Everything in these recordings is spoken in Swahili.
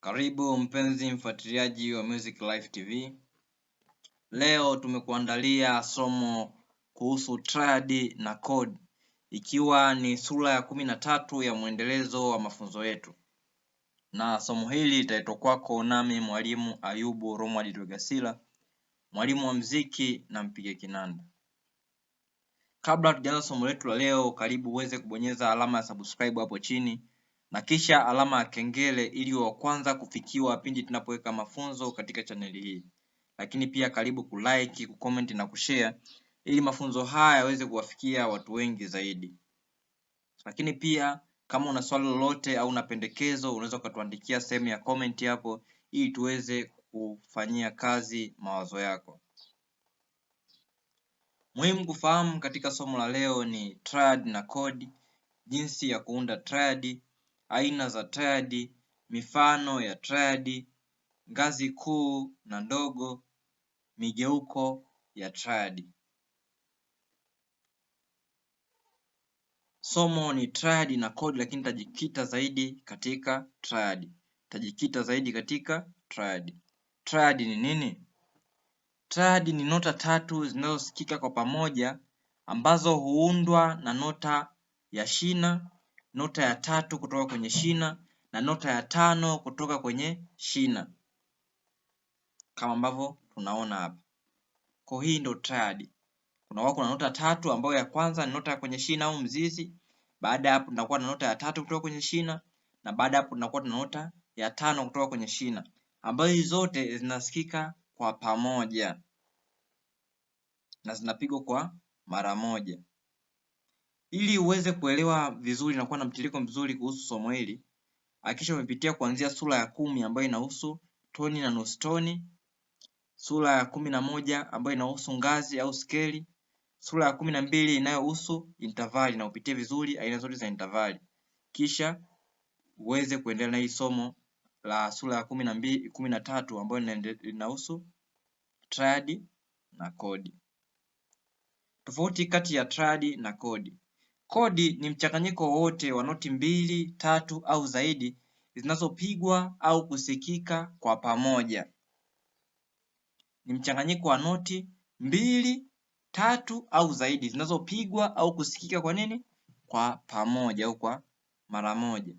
Karibu mpenzi mfuatiliaji wa Music Life TV. Leo tumekuandalia somo kuhusu triad na chord, ikiwa ni sura ya kumi na tatu ya mwendelezo wa mafunzo yetu, na somo hili litaitwa kwako nami Mwalimu Ayubu Romwadi Rwegasila, mwalimu wa mziki na mpiga kinanda. Kabla tujaanza somo letu la leo, karibu uweze kubonyeza alama ya subscribe hapo chini na kisha alama ya kengele ili wa kwanza kufikiwa pindi tunapoweka mafunzo katika chaneli hii. Lakini pia karibu kulike, kucomment na kushare ili mafunzo haya yaweze kuwafikia watu wengi zaidi. Lakini pia kama una swali lolote au una pendekezo, unaweza ukatuandikia sehemu ya comment hapo, ili tuweze kufanyia kazi mawazo yako. Muhimu kufahamu katika somo la leo ni triad na kodi, jinsi ya kuunda triad aina za triad, mifano ya triad, ngazi kuu na ndogo, migeuko ya triad. Somo ni triad na kodi, lakini tajikita zaidi katika triad. Tajikita zaidi katika triad. Triad ni nini? Triad ni nota tatu zinazosikika kwa pamoja ambazo huundwa na nota ya shina nota ya tatu kutoka kwenye shina na nota ya tano kutoka kwenye shina kama ambavyo tunaona hapa. Kwa hii ndio triad. wako kuna nota tatu ambayo ya kwanza ni nota ya kwenye shina au mzizi. Baada ya hapo tunakuwa na nota ya tatu kutoka kwenye shina na baada ya hapo tunakuwa na nota ya tano kutoka kwenye shina ambayo hizo zote zinasikika kwa pamoja na zinapigwa kwa mara moja. Ili uweze kuelewa vizuri na kuwa na mtiririko mzuri kuhusu somo hili, hakikisha umepitia kuanzia sura ya kumi ambayo inahusu toni na nusu toni, sura ya kumi na moja ambayo inahusu ngazi au skeli, sura ya kumi na mbili inayohusu intervali na upitie vizuri aina zote za intervali, kisha uweze kuendelea na hii somo la sura ya kumi na mbili kumi na tatu ambayo inahusu triad na kodi. Tofauti kati ya triad na kodi. Kodi ni mchanganyiko wowote wa noti mbili, tatu au zaidi zinazopigwa au kusikika kwa pamoja. Ni mchanganyiko wa noti mbili, tatu au zaidi zinazopigwa au kusikika kwa nini? Kwa pamoja au kwa mara moja.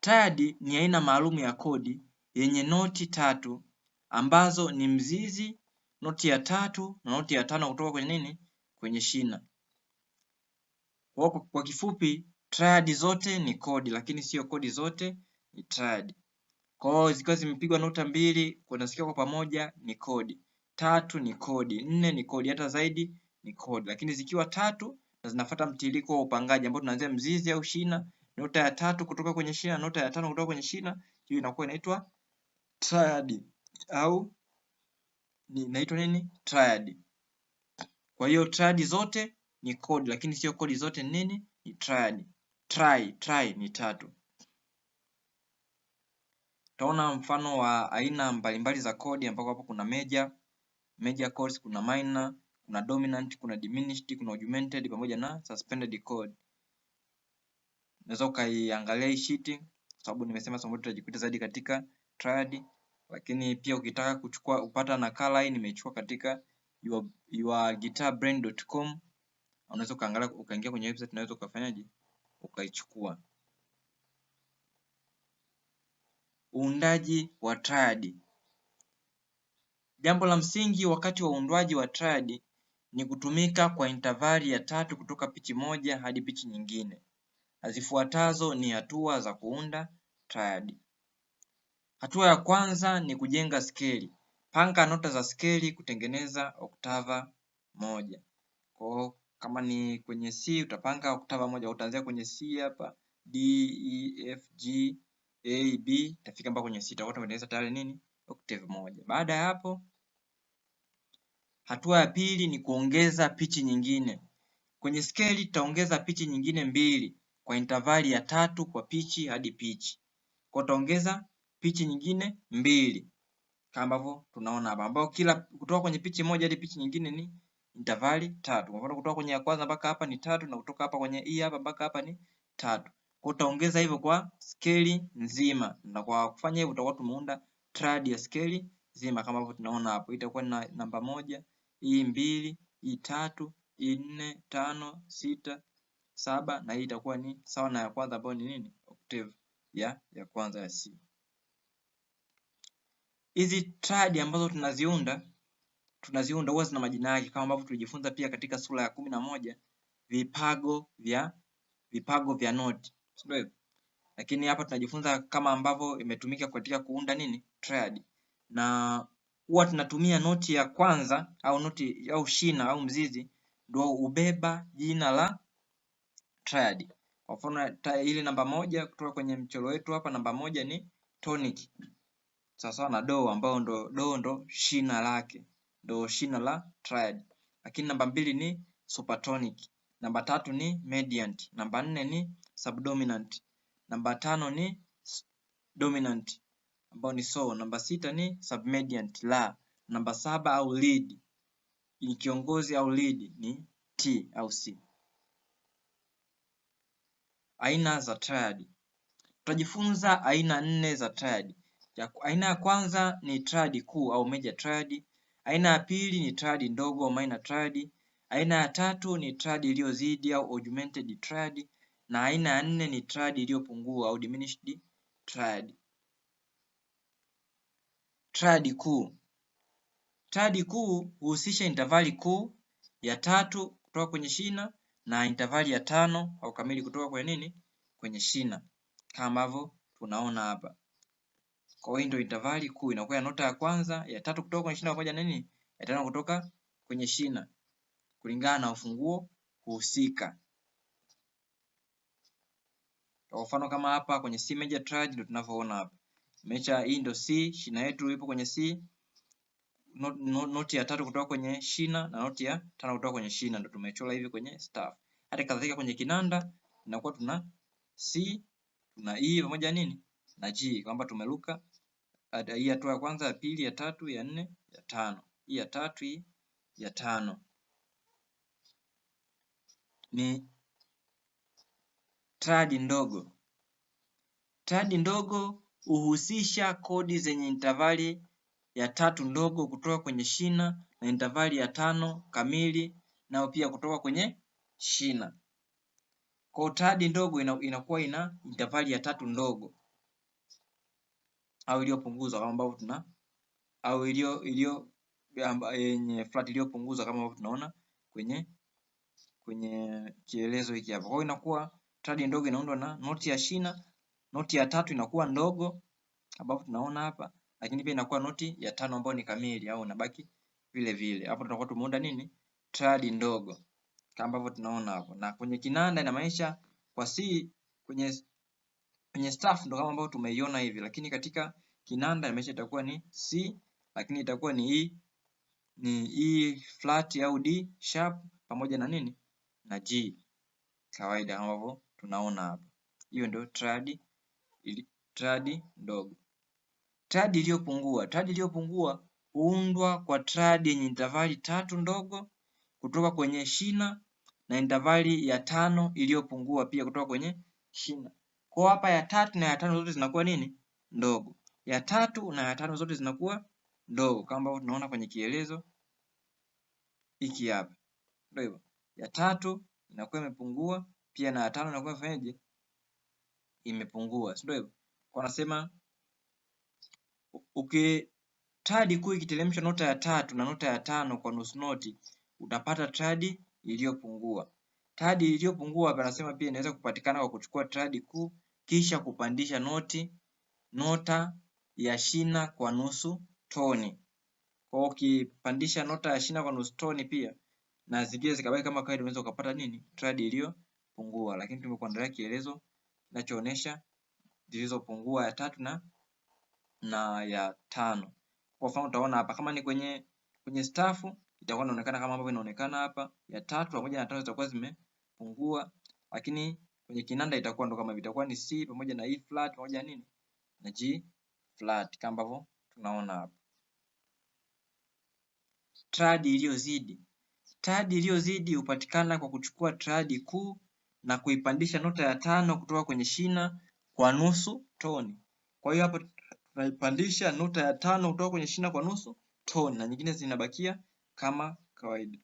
Tadi ni aina maalum ya kodi yenye noti tatu ambazo ni mzizi, noti ya tatu na noti ya tano kutoka kwenye nini? Kwenye shina. Kwa, kwa kifupi triad zote ni kodi, lakini sio kodi zote ni triad. Kwa hiyo zikiwa zimepigwa nota mbili kunasikia kwa pamoja ni kodi, tatu ni kodi, nne ni kodi, hata zaidi ni kodi. Lakini zikiwa tatu na zinafuata mtiririko wa upangaji ambao tunaanzia mzizi au shina, nota ya tatu kutoka kwenye shina, nota ya tano kutoka kwenye shina, hiyo inakuwa inaitwa triad au inaitwa nini? Triad. Kwa hiyo triad zote ni code, lakini sio code zote nini ni triad. Try, try ni tatu. Utaona mfano wa aina mbalimbali za code ambako hapo kuna major, major chords, kuna minor, kuna dominant, kuna diminished, kuna augmented pamoja na suspended code. Unaweza ukaiangalia hii sheet kwa sababu nimesema somo letu tutajikuta zaidi katika triad, lakini pia ukitaka kuchukua upata nakala hii nimechukua katika yourguitarbrand.com unaweza ukaangalia ukaingia kwenye website unaweza ukafanyaje ukaichukua. Uundaji wa trad. Jambo la msingi wakati wa uundwaji wa trad ni kutumika kwa intervali ya tatu kutoka pichi moja hadi pichi nyingine. Zifuatazo ni hatua za kuunda trad. Hatua ya kwanza ni kujenga skeli. Panga nota za skeli kutengeneza oktava moja. Kwa kama ni kwenye C utapanga oktava moja, utaanzia kwenye C hapa D E F G A B utafika mpaka kwenye C, utakuwa umetengeneza tayari nini octave moja. Baada ya hapo, hatua ya pili ni kuongeza pichi nyingine kwenye scale. Tutaongeza pichi nyingine mbili kwa intervali ya tatu kwa pichi hadi pichi, kwa utaongeza pichi nyingine mbili kama ambavyo tunaona hapa, ambao kila kutoka kwenye pichi moja hadi pichi nyingine ni intervali tatu. Unapata kutoka kwenye ya kwanza mpaka hapa ni tatu na kutoka hapa kwenye hii e hapa mpaka hapa ni tatu. Kwa utaongeza hivyo kwa skeli nzima na kwa kufanya hivyo utakuwa tumeunda trad ya skeli nzima kama hapo tunaona hapo. Itakuwa na namba moja, hii e mbili, hii e tatu, hii nne, tano, sita, saba na hii itakuwa ni sawa na ya kwanza ambayo ni nini? Octave ya ya kwanza ya C. Hizi trad ambazo tunaziunda tunaziunda huwa zina majina yake kama ambavyo tulijifunza pia katika sura ya kumi na moja vipago vya vipago vya noti, sio? Lakini hapa tunajifunza kama ambavyo imetumika katika kuunda nini triad, na huwa tunatumia noti ya kwanza au noti au shina au mzizi ndio ubeba jina la triad. Kwa mfano ile namba moja kutoka kwenye mchoro wetu hapa, namba moja ni tonic, sawa na do, ambao ndo do ndo shina lake ndo shina la triad, lakini namba mbili ni supertonic, namba tatu ni mediant, namba nne ni subdominant, namba tano ni dominant ambao ni so, namba sita ni submediant la, namba saba au lead ni kiongozi au lead ni T au C. Aina za triad. Tutajifunza aina nne za triad. aina ya kwanza ni triad kuu au major triad. Aina ya pili ni tradi ndogo au minor tradi. Aina ya tatu ni trad iliyozidi au augmented tradi, na aina ya nne ni tradi iliyopungua au diminished tradi. Tradi kuu. Tradi kuu huhusisha intervali kuu ya tatu kutoka kwenye shina na intervali ya tano au kamili kutoka kwenye nini, kwenye shina kama ambavyo tunaona hapa. Kwa hiyo ndio intervali kuu inakuwa ya nota ya kwanza, ya tatu kutoka kwenye shina pamoja na nini? Ya tano kutoka kwenye shina kulingana na ufunguo husika. Kwa mfano kama hapa kwenye C major triad ndio tunavyoona hapa. Mecha hii ndio C, shina yetu ipo kwenye C. Noti not, not ya tatu kutoka kwenye shina na noti ya tano kutoka kwenye shina ndio tumechora hivi kwenye staff. Hata kadhalika kwenye kinanda inakuwa tuna C, tuna E pamoja nini? na G kwamba tumeruka Ah, hii hatua ya kwanza, ya pili, ya tatu, ya nne, ya tano. Hii ya tatu, hii ya tano ni tradi ndogo. Tradi ndogo huhusisha kodi zenye intavali ya tatu ndogo kutoka kwenye shina na intavali ya tano kamili nao pia kutoka kwenye shina. Kwa tradi ndogo inakuwa ina intavali ya tatu ndogo au iliyopunguzwa kama ambavyo tuna au iliyo iliyo yenye flat iliyopunguzwa kama ambavyo tunaona kwenye kwenye kielezo hiki hapa. Kwa hiyo inakuwa trade ndogo inaundwa na noti ya shina, noti ya tatu inakuwa ndogo ambapo tunaona hapa, lakini pia inakuwa noti ya tano ambayo ni kamili au inabaki vile vile. Hapo tunakuwa tumeunda nini? Trade ndogo kama ambavyo tunaona hapo. Na kwenye kinanda inamaanisha kwa si kwenye kwenye staff ndo kama ambavyo tumeiona hivi, lakini katika kinanda imesha itakuwa ni C, lakini itakuwa ni E, ni E flat au D sharp pamoja na nini na G kawaida ambavyo tunaona hapa. Hiyo ndio ili tradi ndogo. Tradi iliyopungua, tradi iliyopungua huundwa kwa tradi yenye intervali tatu ndogo kutoka kwenye shina na intervali ya tano iliyopungua pia kutoka kwenye shina. Kwa hapa ya tatu na ya tano zote zinakuwa nini? Ndogo. Ya tatu na ya tano zote zinakuwa ndogo kama ambavyo tunaona kwenye kielezo hiki hapa. Ndio hivyo. Ya tatu inakuwa imepungua pia na ya tano inakuwa imefanyaje? Imepungua, si ndio hivyo? Kwa nasema ukitradi kuu ikiteremsha nota ya tatu na nota ya tano kwa nusu noti utapata tradi iliyopungua. Tradi iliyopungua hapa nasema pia inaweza kupatikana kwa kuchukua tradi kuu kisha kupandisha noti nota ya shina kwa nusu toni. Kwa ukipandisha nota ya shina kwa nusu toni pia na zingine zikabaki kama kawaida, unaweza ukapata nini tradi iliyopungua, lakini tumekuandalia kielezo kinachoonyesha zilizopungua ya tatu na na ya tano. Kwa mfano utaona hapa kama ni kwenye kwenye stafu itakuwa inaonekana kama ambavyo inaonekana hapa, ya tatu pamoja na tano zitakuwa zimepungua, lakini kwenye kinanda itakuwa ndo kama vitakuwa ni C pamoja na E flat pamoja na nini na G flat kama ambavyo tunaona hapa. Trad iliyozidi. Trad iliyozidi hupatikana kwa kuchukua trad kuu na kuipandisha nota ya tano kutoka kwenye shina kwa nusu toni. Kwa hiyo hapa tunaipandisha nota ya tano kutoka kwenye shina kwa nusu toni na nyingine zinabakia kama kawaida.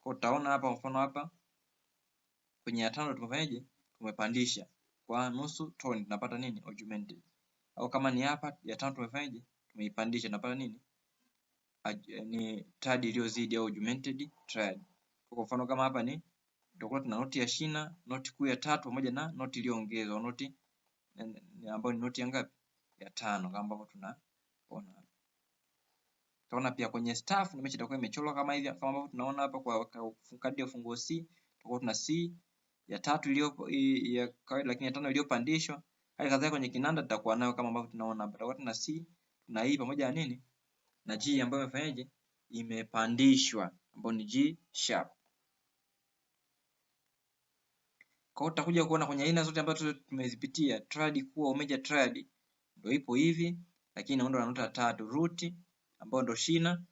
Kwa utaona hapa mfano hapa kwenye ya tano tumefanyaje? tumepandisha kwa nusu toni tunapata nini? Augmented. Au kama ni hapa ya tano tumefanyaje? Tumeipandisha tunapata nini? Ni trad iliyozidi au augmented trad. Kwa mfano kama hapa ni tutakuwa tuna noti ya shina, noti kuu ya tatu pamoja na noti iliyoongezwa, noti ambayo ni noti ya ngapi? Ya tano kama ambavyo tunaona. Tunaona pia kwenye staff na mechi itakuwa imechorwa kama hivi kama ambavyo tunaona hapa kwa kadi ya funguo C, tutakuwa tuna C ya tatu iliyopo ya kawaida, lakini ya tano iliyopandishwa. Hali kadhalika kwenye kinanda tutakuwa nayo kama ambavyo tunaona hapa, tutakuwa tuna C na E pamoja na nini na G ambayo imefanyaje, imepandishwa ambayo ni G sharp. Kwa utakuja kuona kwenye aina zote ambazo tumezipitia, triad kuwa omega triad ndio ipo hivi, lakini inaundwa na nota tatu, root ambayo ndio shina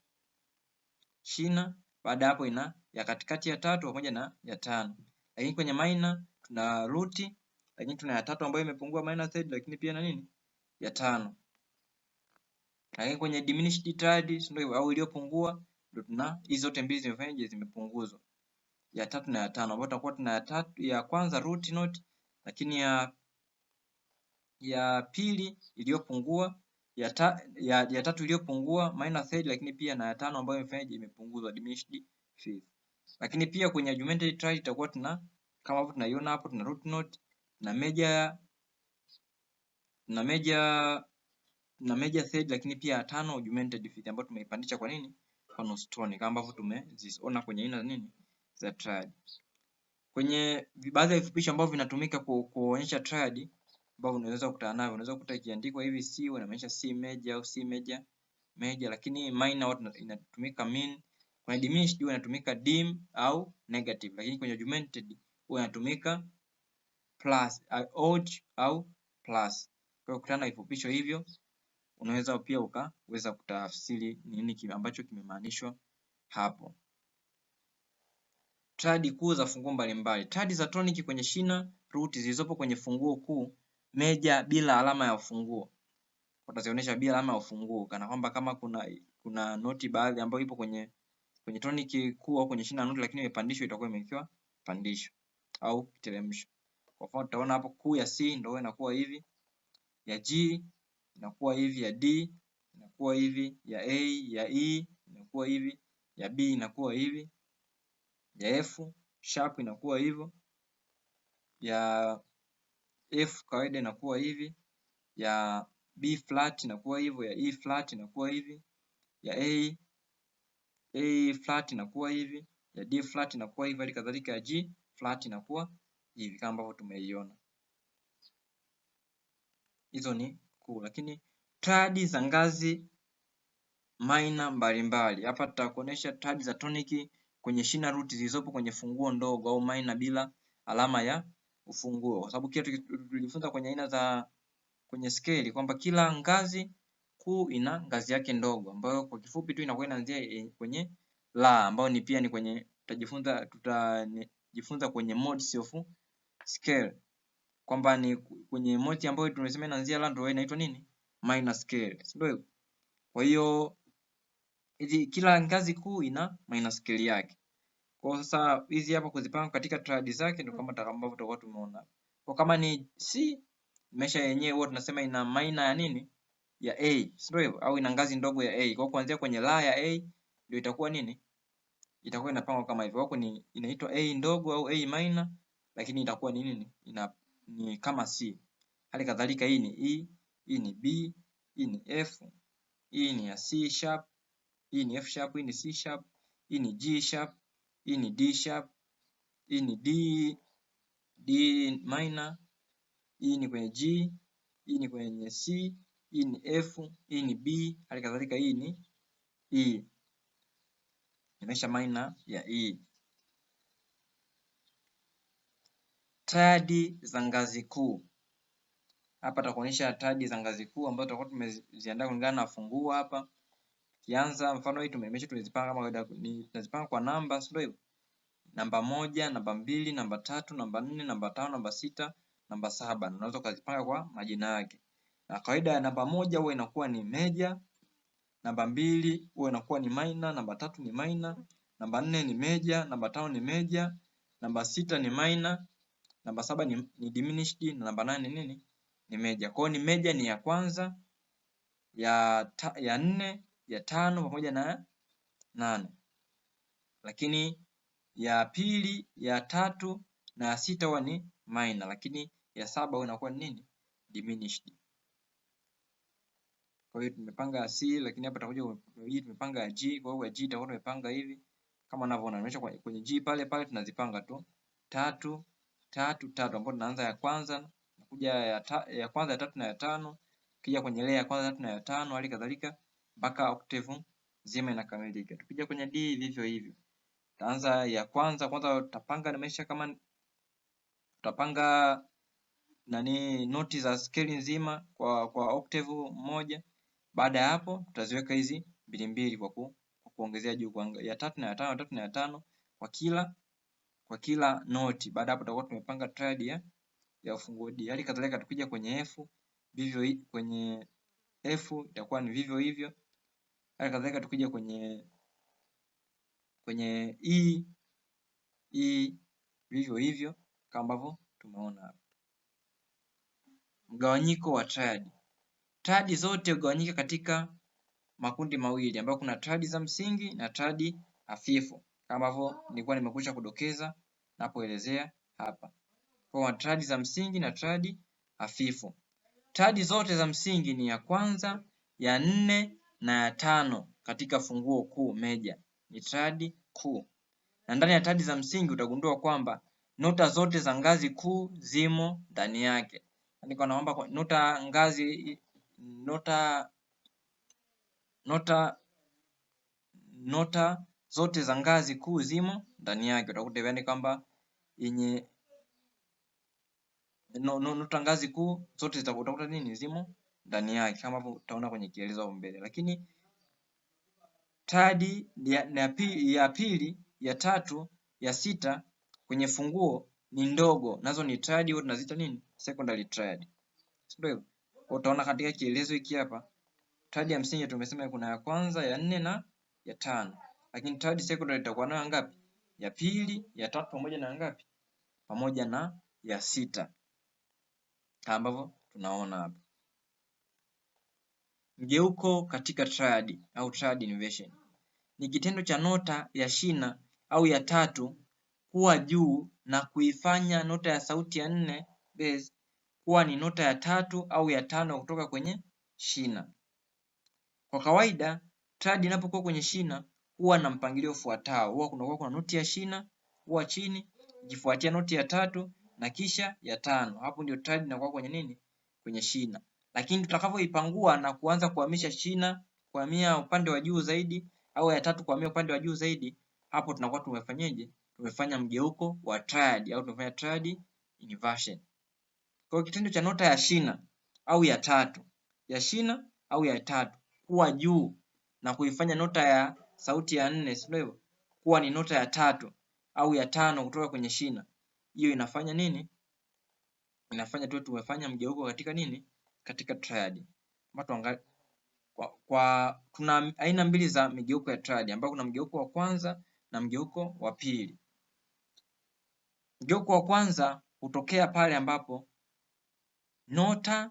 shina, baada hapo ina ya katikati ya tatu pamoja na ya tano. Lakini kwenye minor tuna root, lakini tuna ya tatu ambayo imepungua minor third, lakini pia na nini ya tano. Lakini kwenye diminished third ndio hivyo, au iliyopungua ndio tuna hizo zote mbili zimefanyaje, zimepunguzwa ya tatu na ya tano, ambayo tutakuwa tuna ya tatu ya kwanza root note, lakini ya ya pili iliyopungua ya, ta, ya, ya tatu iliyopungua minor third, lakini pia na ya tano ambayo imefanyaje, imepunguzwa diminished fifth lakini pia kwenye augmented trial itakuwa tuna kama hapo tunaiona hapo tuna root node na major na major na major third, lakini pia tano augmented fifth ambayo tumeipandisha kwa nini kwa cornerstone kama ambavyo tumeziona kwenye aina nini za triad. Kwenye baadhi ya vifupisho ambavyo vinatumika kuonyesha triad ambavyo unaweza kukutana navyo, unaweza kukuta ikiandikwa hivi C inamaanisha C major au C major major, lakini minor inatumika mean Kwenye diminished huwa inatumika dim au negative, lakini kwenye augmented huwa inatumika plus uh, odd au plus. Kwa hiyo kutana vifupisho hivyo, unaweza pia ukaweza kutafsiri nini kile ambacho kimemaanishwa hapo. Tradi kuu za funguo mbalimbali. Tradi za tonic kwenye shina root zilizopo kwenye funguo kuu meja bila alama ya ufunguo, utazionyesha bila alama ya ufunguo, kana kwamba kama kuna kuna noti baadhi ambayo ipo kwenye kwenye toni ikikuwa kwenye shina la noti lakini imepandishwa itakuwa imewekewa pandisho au kiteremsho. Kwa mfano tutaona hapo kuu ya C ndio inakuwa hivi, ya G inakuwa hivi, ya D inakuwa hivi, ya A, ya E inakuwa hivi, ya B inakuwa hivi, ya F sharp inakuwa hivyo, ya F kawaida inakuwa hivi, ya B flat inakuwa hivyo, ya E flat inakuwa hivi, ya A A flat inakuwa hivi, ya D flat inakuwa hivi, hadi kadhalika ya G flat inakuwa hivi kama ambavyo tumeiona. Hizo ni kuu, lakini tradi za ngazi minor mbalimbali. Hapa tutakuonesha tradi za tonic kwenye shina root zilizopo kwenye funguo ndogo au minor bila alama ya ufunguo, kwa sababu kile tulijifunza kwenye aina za kwenye scale kwamba kila ngazi kuu ina ngazi yake ndogo ambayo kwa kifupi tu inakuwa inaanzia kwenye la ambayo ni pia ni kwenye tutajifunza tutajifunza kwenye modes of scale kwamba ni kwenye moti ambayo tumesema inaanzia la ndio inaitwa nini minor scale, si ndio? Kwa hiyo hizi kila ngazi kuu ina minor scale yake. Kwa sasa hizi hapa kuzipanga katika trad zake ndio kama ambavyo tutakuwa tumeona. Kwa kama ni C mesha yenyewe huwa tunasema ina minor ya nini ya A, sio hivyo? Au ina ngazi ndogo ya A. Kwa kuanzia kwenye la ya A ndio itakuwa nini? Itakuwa inapangwa kama hivyo. Wako ni inaitwa A ndogo au A minor, lakini itakuwa ni nini? Ina ni kama C. Hali kadhalika hii ni E, hii ni B, hii ni F, hii ni ya C sharp, hii ni F sharp, hii ni C sharp, hii ni G sharp, hii ni D sharp, hii ni D D minor, hii ni kwenye G, hii ni kwenye C hii ni F, hii ni B, hali kadhalika hii ni E. Nimesha minor ya E. Tadi za ngazi kuu. Hapa tutakuonyesha tadi za ngazi kuu ambazo tutakuwa tumeziandaa kulingana na funguo hapa. Kianza mfano hii tumemesha tulizipanga kama kawaida ni tunazipanga kwa namba, si ndio Namba moja, namba mbili, namba tatu, namba nne, namba tano, namba sita, namba saba. Unaweza ukazipanga kwa majina yake. Na kawaida ya namba moja huwa inakuwa ni meja, namba mbili huwa inakuwa ni maina namba tatu ni maina namba nne ni meja, namba tano ni meja, namba sita ni maina, namba saba ni, ni diminished na namba nane nini ni meja. Kwa hiyo ni meja ni ya kwanza ya, ta, ya nne ya tano pamoja na nane, lakini ya pili ya tatu na ya sita huwa ni minor, lakini ya saba inakuwa nini diminished. Kwa hiyo tumepanga C lakini hapa tutakuja hii tumepanga G, kwa hiyo G tutakuwa tumepanga hivi kama unavyoona nimesha kwenye G pale pale tunazipanga tu. Tatu, tatu, tatu ambapo tunaanza ya kwanza, kuja ya, ta, ya kwanza ya tatu na ya tano, kija kwenye layer ya kwanza ya tatu na ya tano hali kadhalika mpaka octave nzima inakamilika. Tukija kwenye D vivyo hivyo. tutaanza ya kwanza kwanza tutapanga nimesha kama tutapanga nani noti za scale nzima kwa kwa octave moja baada ya hapo tutaziweka hizi mbili mbili kwa ku, kuongezea juu kwa ya tatu na ya tano, tatu na ya tano kwa kila kwa kila noti. Baada hapo tutakuwa tumepanga trade ya ya ufunguo D. Hali yaani kadhalika tukija kwenye F vivyo kwenye F itakuwa ni vivyo hivyo. Hali yaani kadhalika tukija kwenye kwenye E E vivyo hivyo kama ambavyo tumeona hapa. Mgawanyiko wa trade. Tradi zote hugawanyika katika makundi mawili ambayo kuna tradi za msingi na tradi hafifu kama ambavyo nilikuwa nimekwisha kudokeza na kuelezea hapa. Kwa tradi za msingi na tradi hafifu. Tradi zote za msingi ni ya kwanza, ya nne na ya tano katika funguo kuu meja. Ni tradi kuu. Na ndani ya tradi za msingi utagundua kwamba nota zote za ngazi kuu zimo ndani yake. Nilikuwa naomba nota ngazi nota, nota, nota zote za ngazi kuu zimo ndani yake. Utakuta yaani kwamba yenye no, no, nota ngazi kuu zote utakuta nini zimo ndani yake, kama hapo utaona kwenye kielezo hapo mbele. Lakini tadi ya, ya, ya pili ya tatu ya sita kwenye funguo ni ndogo, nazo ni tadi, tunaziita nini? Secondary tadi, sio? Utaona katika kielezo hiki hapa tradi ya msingi tumesema kuna ya kwanza, ya nne na ya tano, lakini tradi secondary itakuwa nayo ngapi? Ya pili, ya tatu pamoja na ngapi? Pamoja na ya sita, ambavyo tunaona hapa. Mgeuko katika tradi au tradi inversion ni kitendo cha nota ya shina au ya tatu kuwa juu na kuifanya nota ya sauti ya nne base kuwa ni nota ya tatu au ya tano kutoka kwenye shina. Kwa kawaida trad inapokuwa kwenye shina huwa na mpangilio ufuatao: huwa kunakuwa kuna noti ya shina huwa chini, ikifuatia noti ya tatu na kisha ya tano. Hapo ndio trad inakuwa kwenye nini? Kwenye shina. Lakini tutakapoipangua na kuanza kuhamisha shina kuhamia upande wa juu zaidi au ya tatu kuhamia upande wa juu zaidi, hapo tunakuwa tumefanyaje? Tumefanya mgeuko wa triad au tumefanya triad inversion. Kwa kitendo cha nota ya shina au ya tatu, ya shina au ya tatu kuwa juu na kuifanya nota ya sauti ya nne, sio kuwa ni nota ya tatu au ya tano kutoka kwenye shina, hiyo inafanya nini? Inafanya tu tumefanya mgeuko katika nini, katika triad. Kwa, kwa tuna aina mbili za migeuko ya triad ambapo kuna mgeuko wa kwanza na mgeuko wa pili. Mgeuko wa kwanza hutokea pale ambapo nota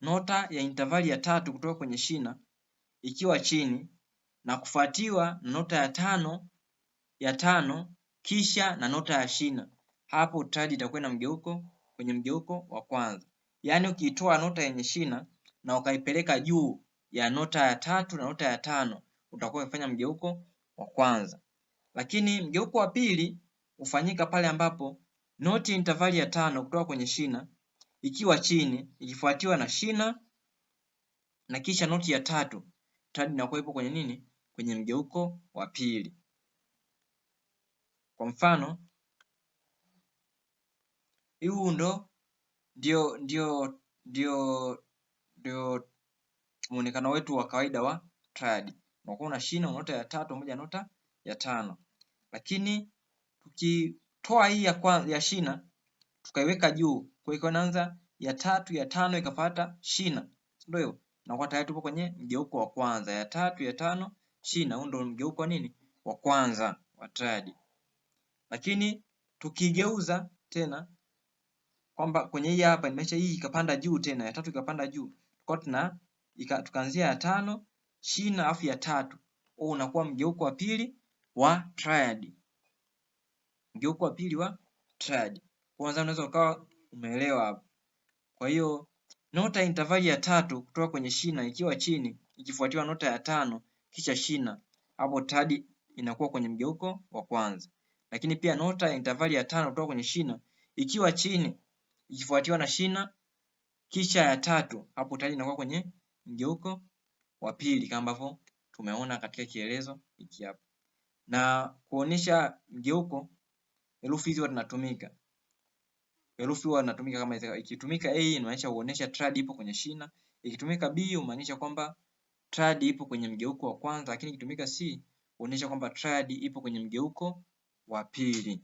nota ya intervali ya tatu kutoka kwenye shina ikiwa chini na kufuatiwa na nota ya tano ya tano kisha na nota ya shina. Hapo utardi itakuwa na mgeuko kwenye mgeuko wa kwanza, yaani ukiitoa nota yenye shina na ukaipeleka juu ya nota ya tatu na nota ya tano utakuwa umefanya mgeuko wa kwanza, lakini mgeuko wa pili hufanyika pale ambapo Noti intervali ya tano kutoka kwenye shina ikiwa chini ikifuatiwa na shina na kisha noti ya tatu na kuwepo kwenye nini, kwenye mgeuko wa pili. Kwa mfano huu ndo ndio ndio ndio ndio muonekano wetu wa kawaida wa triad. unakuwa na shina, nota ya tatu pamoja nota ya tano, lakini tuki toa hii ya, kwa, ya shina tukaiweka juu, kwa hiyo inaanza ya tatu ya tano ikapata shina, ndio hiyo na kwa tayari tupo kwenye mgeuko wa kwanza, ya tatu ya tano shina. huo ndio mgeuko nini wa kwanza wa triad. Lakini tukigeuza tena kwamba kwenye hii hapa nimesha hii ikapanda juu tena, ya tatu ikapanda juu, kwa tuna tukaanzia ya tano shina afu ya tatu, huo unakuwa mgeuko wa pili wa triad mgeuko wa pili wa triad. Kwanza unaweza ukawa umeelewa hapo. Kwa hiyo nota intervali ya tatu kutoka kwenye shina ikiwa chini ikifuatiwa nota ya tano kisha shina, hapo triad inakuwa kwenye mgeuko wa kwanza. Lakini pia nota intervali ya tano kutoka kwenye shina ikiwa chini ikifuatiwa na shina kisha ya tatu, hapo triad inakuwa kwenye mgeuko wa pili kama ambavyo tumeona katika kielezo hiki hapa, na kuonesha mgeuko herufi hizi zinatumika herufi huwa zinatumika kama hizo. Ikitumika A inamaanisha uonesha trad ipo kwenye shina, ikitumika B humaanisha kwamba trad ipo kwenye mgeuko wa kwanza, lakini ikitumika C inaonyesha kwamba trad ipo kwenye mgeuko wa pili.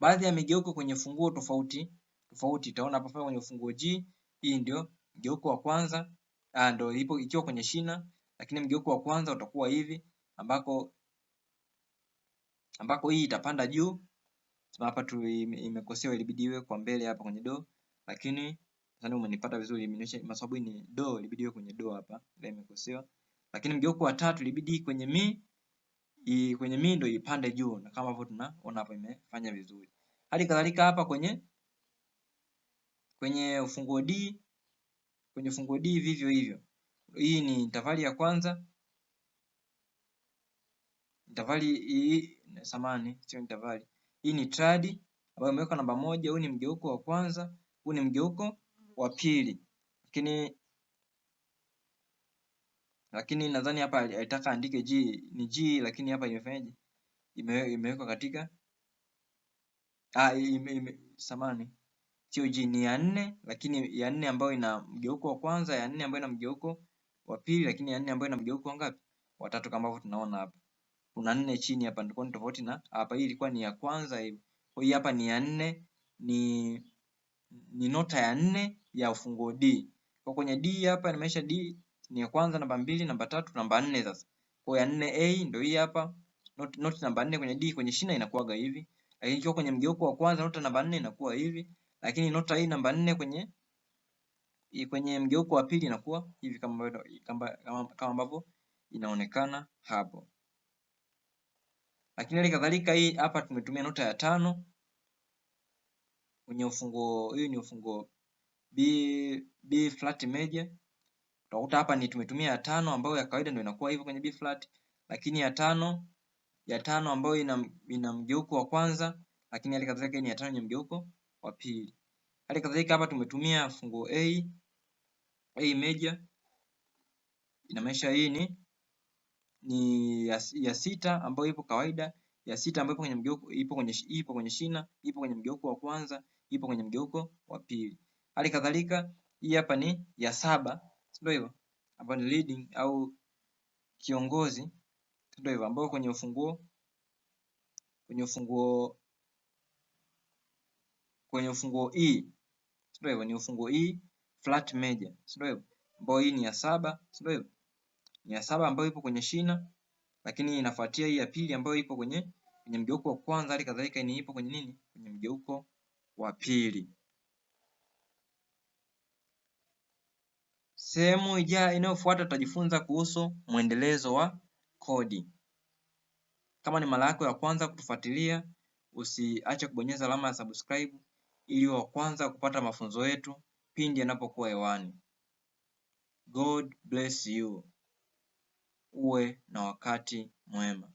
Baadhi ya migeuko kwenye funguo tofauti tofauti itaona hapa kwenye funguo G, hii ndio mgeuko wa kwanza, ah, ndio ipo ikiwa kwenye shina, lakini mgeuko wa kwanza utakuwa hivi ambako ambako hii itapanda juu. Hapa tu imekosewa, ilibidi iwe kwa mbele hapa kwenye do, lakini nadhani umenipata vizuri, kwa sababu ni do, ilibidi iwe kwenye do hapa, ila imekosewa. Lakini mgeuko wa tatu ilibidi kwenye mi i, kwenye mi ndio ipande juu, na kama hivyo tunaona hapo imefanya vizuri. Hadi kadhalika hapa kwenye kwenye ufunguo D, kwenye ufunguo D vivyo hivyo. Hii ni intervali ya kwanza intervali hii Eh, samani sio intervali. Hii ni tradi ambayo imewekwa namba moja. Huu ni mgeuko wa kwanza, huu ni mgeuko wa pili, lakini lakini nadhani hapa alitaka andike G ni G, lakini hapa imefanyaje? Imewekwa katika ah, ime, ime, samani sio G, ni ya nne, lakini ya nne ambayo ina mgeuko wa kwanza, ya nne ambayo ina mgeuko wa pili, lakini ya nne ambayo ina mgeuko wa wangapi? Watatu, kama ambavyo tunaona hapa kuna nne chini hapa, ndio tofauti na hapa. Hii ilikuwa ni ya kwanza hivi, kwa hiyo hapa ni ya nne, ni ni nota ya nne ya ufunguo D. Kwa kwenye D hapa nimesha D ni ya kwanza, namba mbili, namba tatu, namba nne. Sasa kwa ya nne A ndio hii hapa, noti noti namba nne kwenye D kwenye shina inakuwaga hivi, lakini kwa kwenye mgeuko wa kwanza nota namba nne inakuwa hivi, lakini nota hii namba nne kwenye kwenye mgeuko wa pili inakuwa hivi kama kama, kama, kama inaonekana hapo. Lakini hali kadhalika hii hapa tumetumia nota ya tano kwenye ufunguo, hii ni ufunguo B, B flat major. Utakuta hapa ni tumetumia ya tano ambayo ya kawaida ndio inakuwa hivyo kwenye B flat, lakini ya tano ya tano ambayo ina, ina mgeuko wa kwanza, lakini hali kadhalika ni ya tano yenye mgeuko wa pili. Hali kadhalika hapa tumetumia funguo A, A major, inamaanisha hii ni ni ya ya sita ambayo ipo kawaida, ya sita ambayo ipo kwenye mgeuko ipo kwenye ipo kwenye shina, ipo kwenye mgeuko wa kwanza, ipo kwenye mgeuko wa pili. Hali kadhalika hii hapa ni ya saba, ndio hivyo, ambayo ni leading au kiongozi, ndio hivyo, ambayo kwenye ufunguo kwenye ufunguo kwenye ufunguo E, ndio hivyo, ni ufunguo E flat major, ndio hivyo, ambayo hii ni ya saba, ndio hivyo ya saba ambayo ipo kwenye shina, lakini inafuatia hii ya pili ambayo ipo kwenye kwenye mgeuko wa kwanza, hali kadhalika ni ipo kwenye nini, kwenye mgeuko wa pili. Sehemu ijayo inayofuata tutajifunza kuhusu mwendelezo wa kodi. Kama ni mara yako ya kwanza kutufuatilia, usiache kubonyeza alama ya subscribe ili wa kwanza kupata mafunzo yetu pindi yanapokuwa hewani. God bless you uwe na wakati mwema.